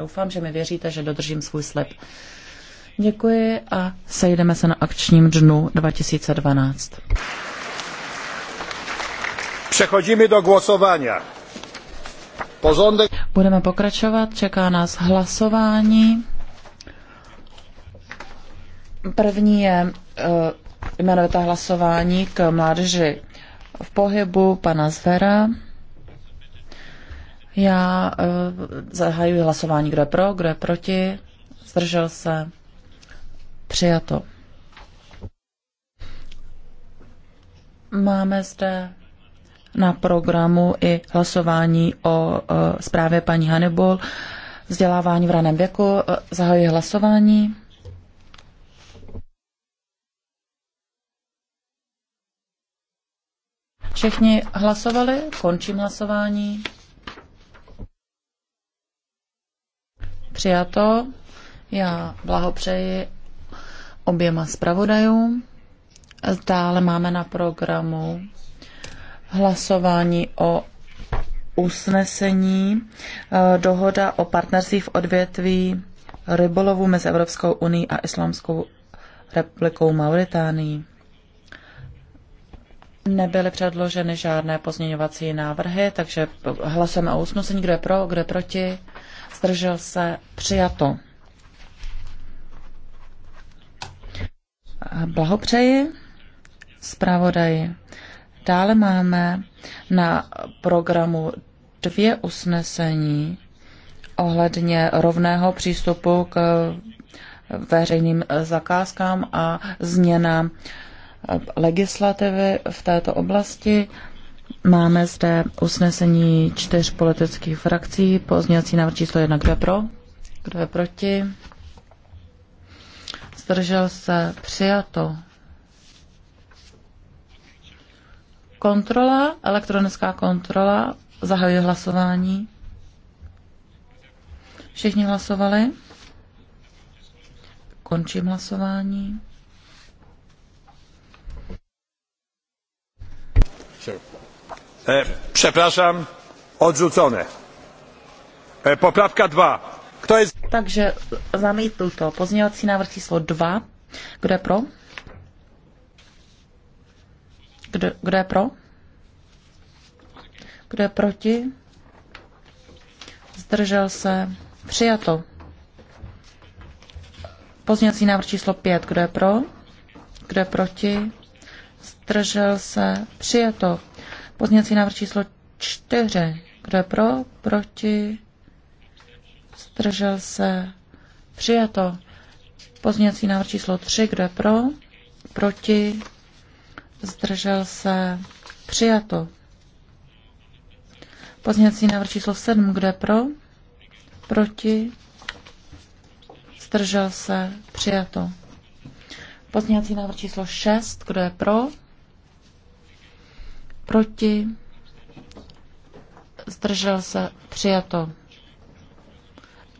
Doufám, že mi věříte, že dodržím svůj slib. Děkuji a sejdeme se na akčním dnu 2012. Přechodíme do hlasování. Pozondek... Budeme pokračovat, čeká nás hlasování. První je eh, jmenovité hlasování k mládeži v pohybu pana Zvera. Já uh, zahajuji hlasování, kdo je pro, kdo je proti. Zdržel se. Přijato. Máme zde na programu i hlasování o uh, zprávě paní Hannibal. Vzdělávání v raném věku. Uh, zahajuji hlasování. Všichni hlasovali? Končím hlasování. Přijato. Já blahopřeji oběma zpravodajům. Dále máme na programu hlasování o usnesení eh, dohoda o partnerství v odvětví rybolovu mezi Evropskou unii a Islámskou republikou Mauritánii. Nebyly předloženy žádné pozměňovací návrhy, takže hlasujeme o usnesení, kdo je pro, kdo je proti zdržel se, přijato. Blahopřeji zpravodaji. Dále máme na programu dvě usnesení ohledně rovného přístupu k veřejným zakázkám a změna legislativy v této oblasti. Máme zde usnesení čtyř politických frakcí. Pozměňovací návrh číslo jedna. Kdo je pro? Kdo je proti? Zdržel se? Přijato. Kontrola, elektronická kontrola. Zahajuje hlasování. Všichni hlasovali? Končím hlasování. Sure. E, przepraszam, odrzucone. E, poprawka dwa Kto jest... Takže zamítl to. Pozměňovací návrh číslo dva. Kdo je pro? Kdo, kdo je pro? Kdo je proti? Zdržel se. Přijato. Pozměňovací návrh číslo pět. Kdo je pro? Kdo je proti? Zdržel se. Přijato. Pozměňovací návrh číslo 4. Kdo je pro? Proti? Zdržel se? Přijato. Pozměňovací návrh číslo 3. Kdo je pro? Proti? Zdržel se? Přijato. Pozměňovací návrh číslo 7. Kdo je pro? Proti? Zdržel se? Přijato. Pozměňovací návrh číslo 6. Kdo je pro? Proti? Zdržel se? Přijato.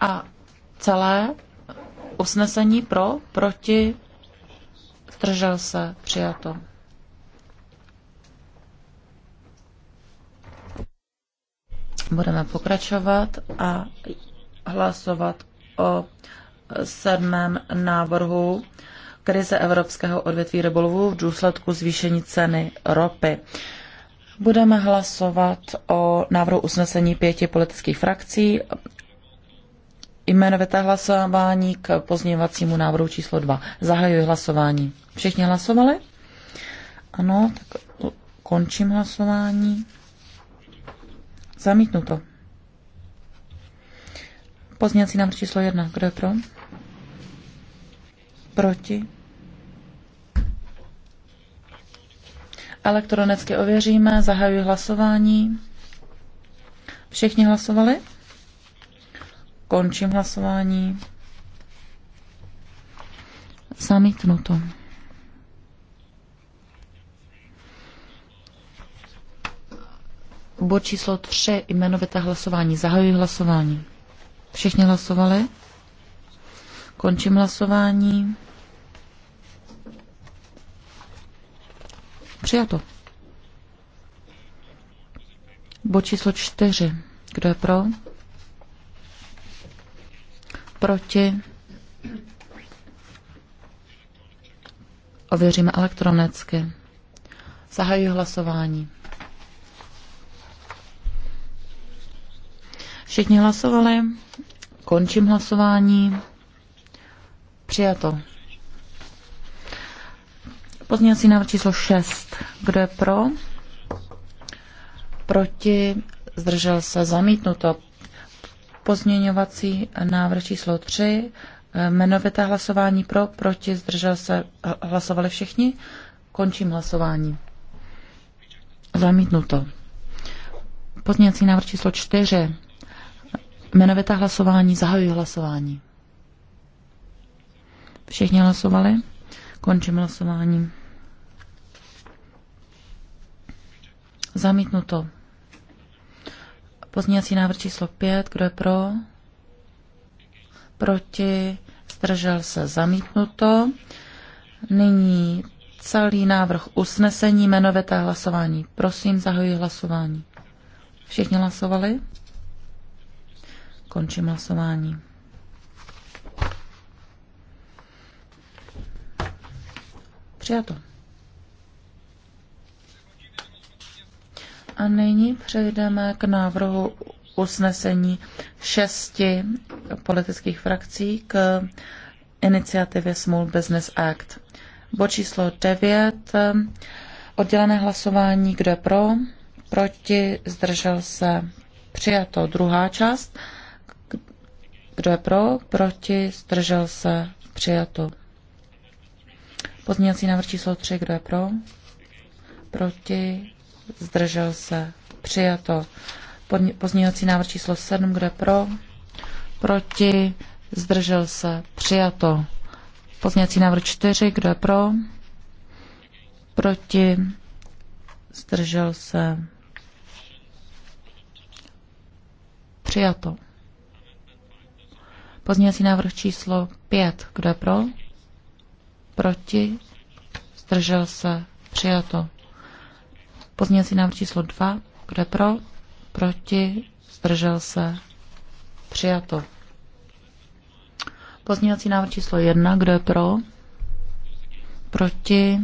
A celé usnesení pro? Proti? Zdržel se? Přijato. Budeme pokračovat a hlasovat o sedmém návrhu krize evropského odvětví rybolovu v důsledku zvýšení ceny ropy. Budeme hlasovat o návrhu usnesení pěti politických frakcí. Jmenovete hlasování k pozměňovacímu návrhu číslo 2. Zahajuji hlasování. Všichni hlasovali? Ano, tak končím hlasování. Zamítnuto. Pozměňovací návrh číslo 1. Kdo je pro? Proti? Elektronicky ověříme, zahajuji hlasování. Všichni hlasovali? Končím hlasování. Zamítnuto. Bod číslo 3, jmenovité hlasování. Zahajuji hlasování. Všichni hlasovali? Končím hlasování. Přijato. Bod číslo čtyři. Kdo je pro? Proti? Ověříme elektronicky. Zahajuji hlasování. Všichni hlasovali. Končím hlasování. Přijato. Pozměňovací návrh číslo 6. Kdo je pro? Proti? Zdržel se? Zamítnuto. Pozměňovací návrh číslo 3. Eh, Jmenovité hlasování pro, proti, zdržel se, eh, hlasovali všichni. Končím hlasování. Zamítnuto. Pozměňovací návrh číslo 4. Jmenovité hlasování, zahajuji hlasování. Všichni hlasovali? Končím hlasování. Zamítnuto. Pozměňovací návrh číslo 5. Kdo je pro? Proti? Zdržel se? Zamítnuto. Nyní celý návrh usnesení jmenovité hlasování. Prosím, zahojí hlasování. Všichni hlasovali? Končím hlasování. Přijato. A nyní přejdeme k návrhu usnesení šesti politických frakcí k iniciativě Small Business Act. Bod číslo 9. Oddělené hlasování, kdo je pro, proti, zdržel se, přijato. Druhá část, kdo je pro, proti, zdržel se, přijato. Pozměňovací návrh číslo 3, kdo je pro, proti, zdržel se, přijato. Pozměňovací návrh číslo 7, kde pro, proti, zdržel se, přijato. Pozměňovací návrh 4, kdo je pro, proti, zdržel se, přijato. Pozměňovací návrh číslo 5, kdo je pro, proti, zdržel se, přijato. Pozměňovací návrh číslo 2. Kdo je pro? Proti? Zdržel se? Přijato. Pozměňovací návrh číslo 1. Kdo je pro? Proti?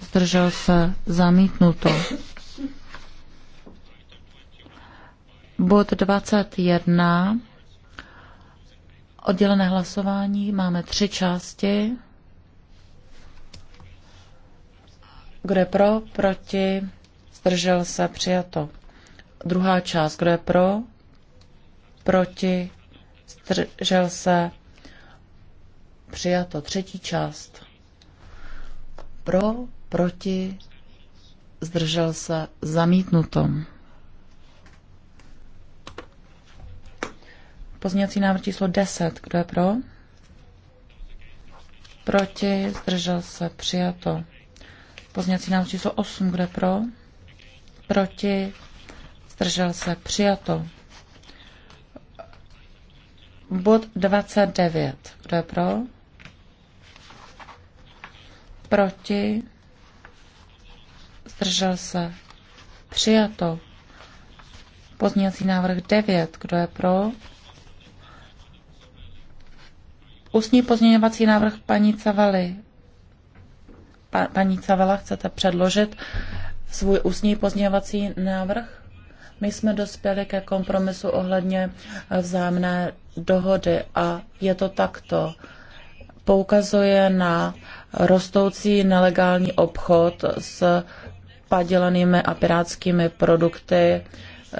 Zdržel se? Zamítnuto. Bod 21. Oddělené hlasování máme tři části. Kdo je pro? Proti? Zdržel se? Přijato. Druhá část. Kdo je pro? Proti? Zdržel se? Přijato. Třetí část. Pro? Proti? Zdržel se? Zamítnuto. Pozměňovací návrh číslo 10. Kdo je pro? Proti? Zdržel se? Přijato. Pozměňovací návrh číslo 8, kde pro? Proti? Zdržel se? Přijato. Bod 29, kdo je pro? Proti? Zdržel se? Přijato. Pozměňovací návrh 9, kdo je pro? Ústní pozměňovací návrh paní Cavaly paní Cavela, chcete předložit svůj ústní pozměňovací návrh? My jsme dospěli ke kompromisu ohledně vzájemné dohody a je to takto. Poukazuje na rostoucí nelegální obchod s padělanými a pirátskými produkty,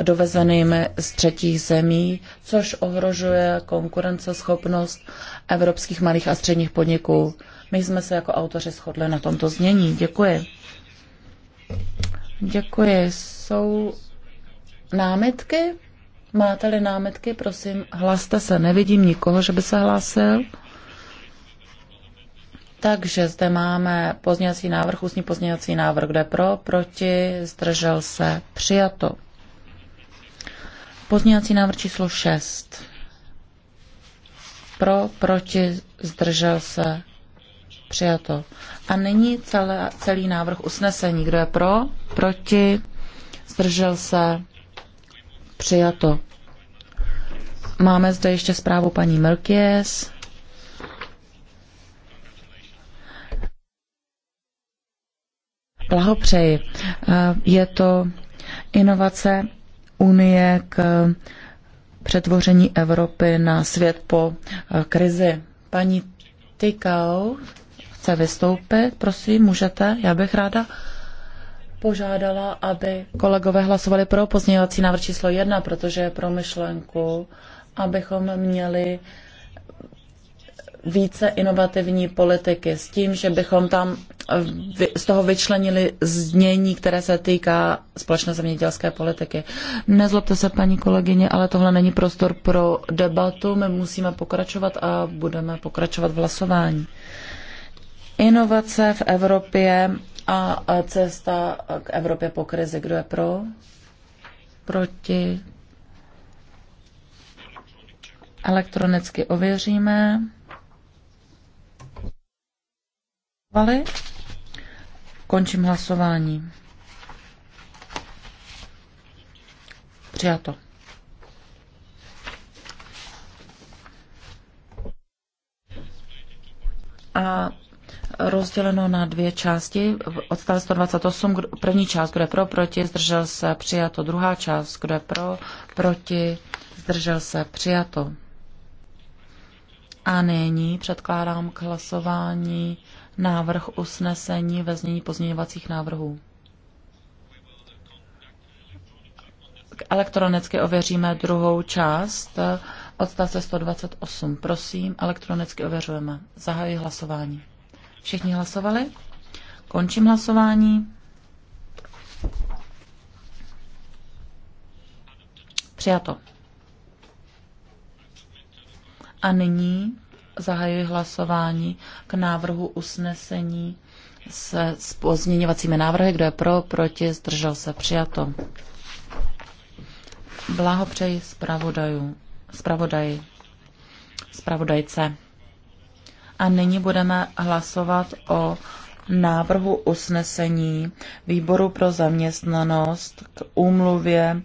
dovezenými z třetích zemí, což ohrožuje konkurenceschopnost evropských malých a středních podniků. My jsme se jako autoři shodli na tomto znění. Děkuji. Děkuji. Jsou námitky? Máte-li námitky, prosím, hlaste se. Nevidím nikoho, že by se hlásil. Takže zde máme pozněvací návrh, ústní pozněvací návrh, kde pro, proti, zdržel se, přijato. Pozměňovací návrh číslo 6. Pro, proti, zdržel se, přijato. A nyní celé, celý návrh usnesení. Kdo je pro, proti, zdržel se, přijato. Máme zde ještě zprávu paní Melkies. Blahopřeji. Eh, je to inovace unie k přetvoření Evropy na svět po eh, krizi. Paní Tykau chce vystoupit, prosím, můžete, já bych ráda požádala, aby kolegové hlasovali pro pozměňovací návrh číslo jedna, protože je pro myšlenku, abychom měli uh, více inovativní politiky s tím, že bychom tam eh, z toho vyčlenili znění, které se týká společné zemědělské politiky. Nezlobte se, paní kolegyně, ale tohle není prostor pro debatu. My musíme pokračovat a budeme pokračovat v hlasování. Inovace v Evropě a cesta k Evropě po krizi. Kdo je pro? Proti? Elektronicky ověříme. Hlasovali? Končím hlasování. Přijato. A rozděleno na dvě části. Odstavec 128, první část, kdo je pro, proti, zdržel se, přijato. Druhá část, kdo je pro, proti, zdržel se, přijato. A nyní předkládám k hlasování návrh usnesení ve znění pozměňovacích návrhů. Elektronicky ověříme druhou část eh, odstavce 128. Prosím, elektronicky ověřujeme. Zahajuji hlasování. Všichni hlasovali? Končím hlasování. Přijato. A nyní zahajuji hlasování k návrhu usnesení se, s pozměňovacími návrhy. Kdo je pro, proti, zdržel se, přijato. Blahopřeji zpravodajů, zpravodaji, zpravodajce. A nyní budeme hlasovat o návrhu usnesení výboru pro zaměstnanost k úmluvě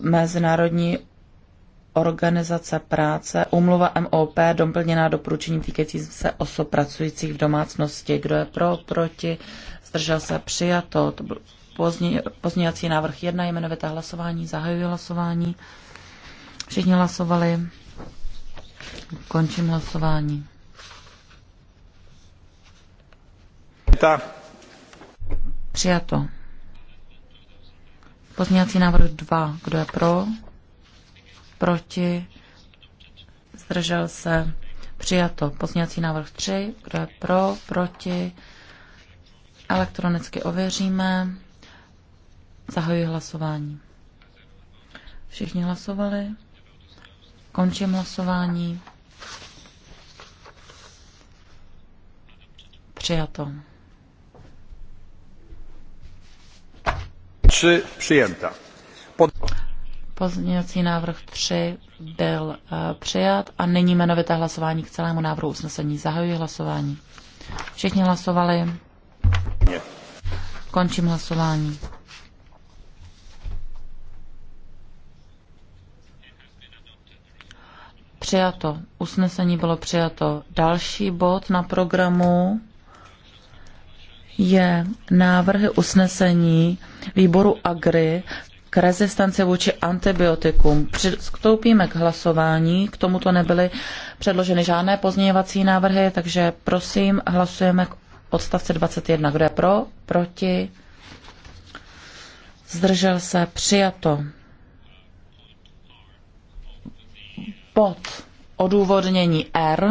Mezinárodní organizace práce, umluva MOP, doplněná doporučení týkající se osob pracujících v domácnosti. Kdo je pro, proti, zdržel se, přijato. To byl pozdě, pozdějací návrh jedna, jmenovité hlasování, zahajuji hlasování. Všichni hlasovali. Končím hlasování. Ta. Přijato. Pozměňovací návrh 2. Kdo je pro? proti, zdržel se, přijato. Pozměňovací návrh 3, kdo je pro, proti, elektronicky ověříme, zahajuji hlasování. Všichni hlasovali, končím hlasování. Přijato. Tři přijenta. Pozměňovací návrh 3 byl eh, přijat a nyní jmenovité hlasování k celému návrhu usnesení. Zahajuji hlasování. Všichni hlasovali? Ne. Končím hlasování. Přijato. Usnesení bylo přijato. Další bod na programu je návrhy usnesení výboru AGRI k rezistanci vůči antibiotikům. Přistoupíme k hlasování, k tomuto nebyly předloženy žádné pozměňovací návrhy, takže prosím, hlasujeme k odstavce 21. Kdo je pro? Proti? Zdržel se? Přijato. Pod. odůvodnění R.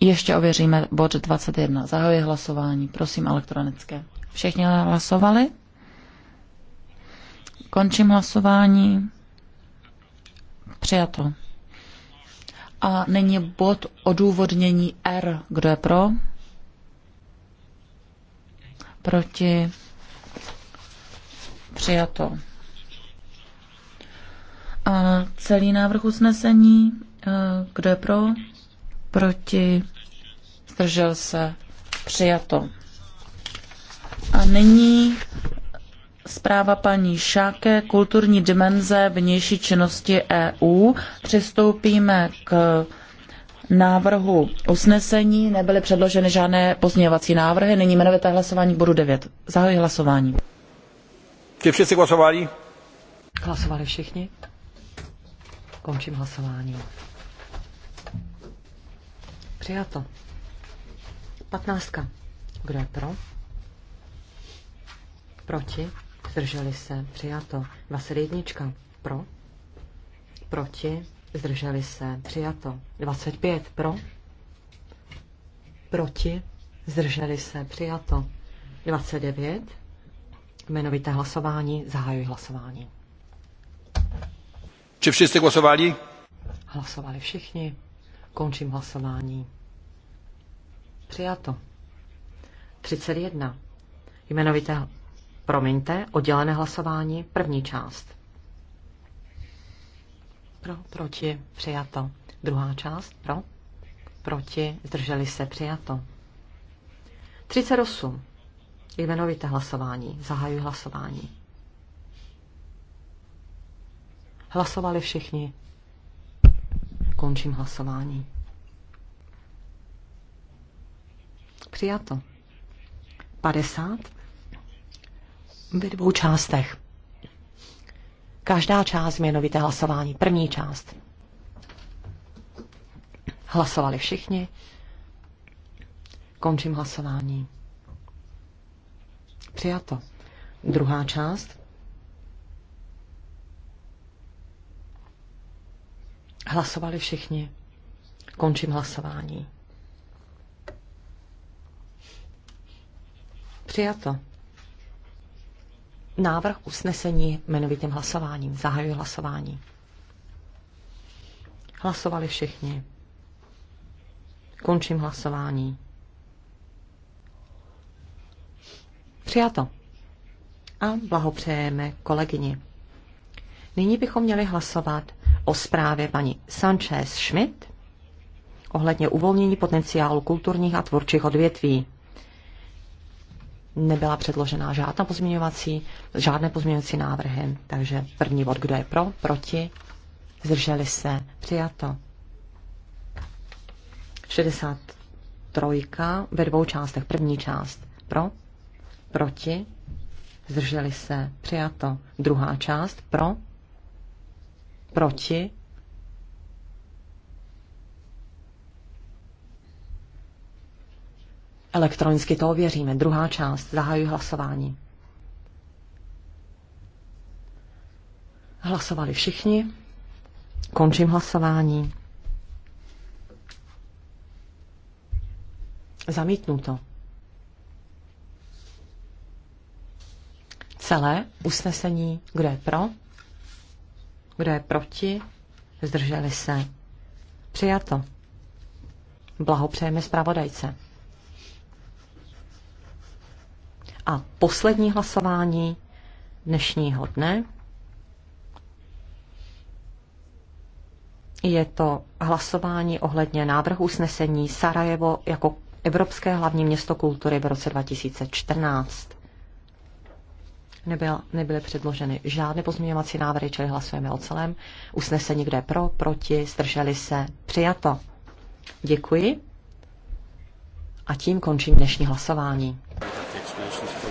Ještě ověříme bod 21. Zahajuji hlasování, prosím elektronické. Všichni hlasovali? Končím hlasování. Přijato. A není bod odůvodnění R. Kdo je pro? Proti? Přijato. A celý návrh usnesení, eh, kdo je pro? Proti? Zdržel se? Přijato. A nyní Zpráva paní Šáke, kulturní dimenze vnější činnosti EU. Přistoupíme k návrhu usnesení. Nebyly předloženy žádné pozměňovací návrhy. Nyní jmenovité hlasování k bodu 9. Zahajuji hlasování. Ti všichni hlasovali? Hlasovali všichni. Končím hlasování. Přijato. Patnáctka. Kdo je pro? Proti? zdrželi se, přijato. 21 pro, proti, zdrželi se, přijato. 25 pro, proti, zdrželi se, přijato. 29 jmenovité hlasování, zahajuji hlasování. Či všichni hlasovali? Hlasovali všichni. Končím hlasování. Přijato. 31. Jmenovité Promiňte, oddělené hlasování, první část. Pro, proti, přijato. Druhá část, pro, proti, zdrželi se, přijato. 38. Jmenovité hlasování. Zahajuji hlasování. Hlasovali všichni. Končím hlasování. Přijato. 50 ve dvou částech. Každá část jmenovité hlasování. První část. Hlasovali všichni. Končím hlasování. Přijato. Druhá část. Hlasovali všichni. Končím hlasování. Přijato návrh usnesení jmenovitým hlasováním. Zahajuji hlasování. Hlasovali všichni. Končím hlasování. Přijato. A blahopřejeme kolegyni. Nyní bychom měli hlasovat o zprávě paní Sanchez Schmidt ohledně uvolnění potenciálu kulturních a tvůrčích odvětví nebyla předložena žádná pozměňovací, žádné pozměňovací návrhy. Takže první bod, kdo je pro, proti, zdrželi se, přijato. 63 ve dvou částech. První část pro, proti, zdrželi se, přijato. Druhá část pro, proti, Elektronicky to ověříme. Druhá část. Zahajuji hlasování. Hlasovali všichni. Končím hlasování. Zamítnuto. Celé usnesení, kdo je pro, kdo je proti, zdrželi se. Přijato. Blahopřejeme zpravodajce. A poslední hlasování dnešního dne je to hlasování ohledně návrhu usnesení Sarajevo jako Evropské hlavní město kultury v roce 2014. Nebyl, nebyly předloženy žádné pozměňovací návrhy, čili hlasujeme o celém usnesení, kde pro, proti, zdrželi se, přijato. Děkuji. A tím končím dnešní hlasování finanční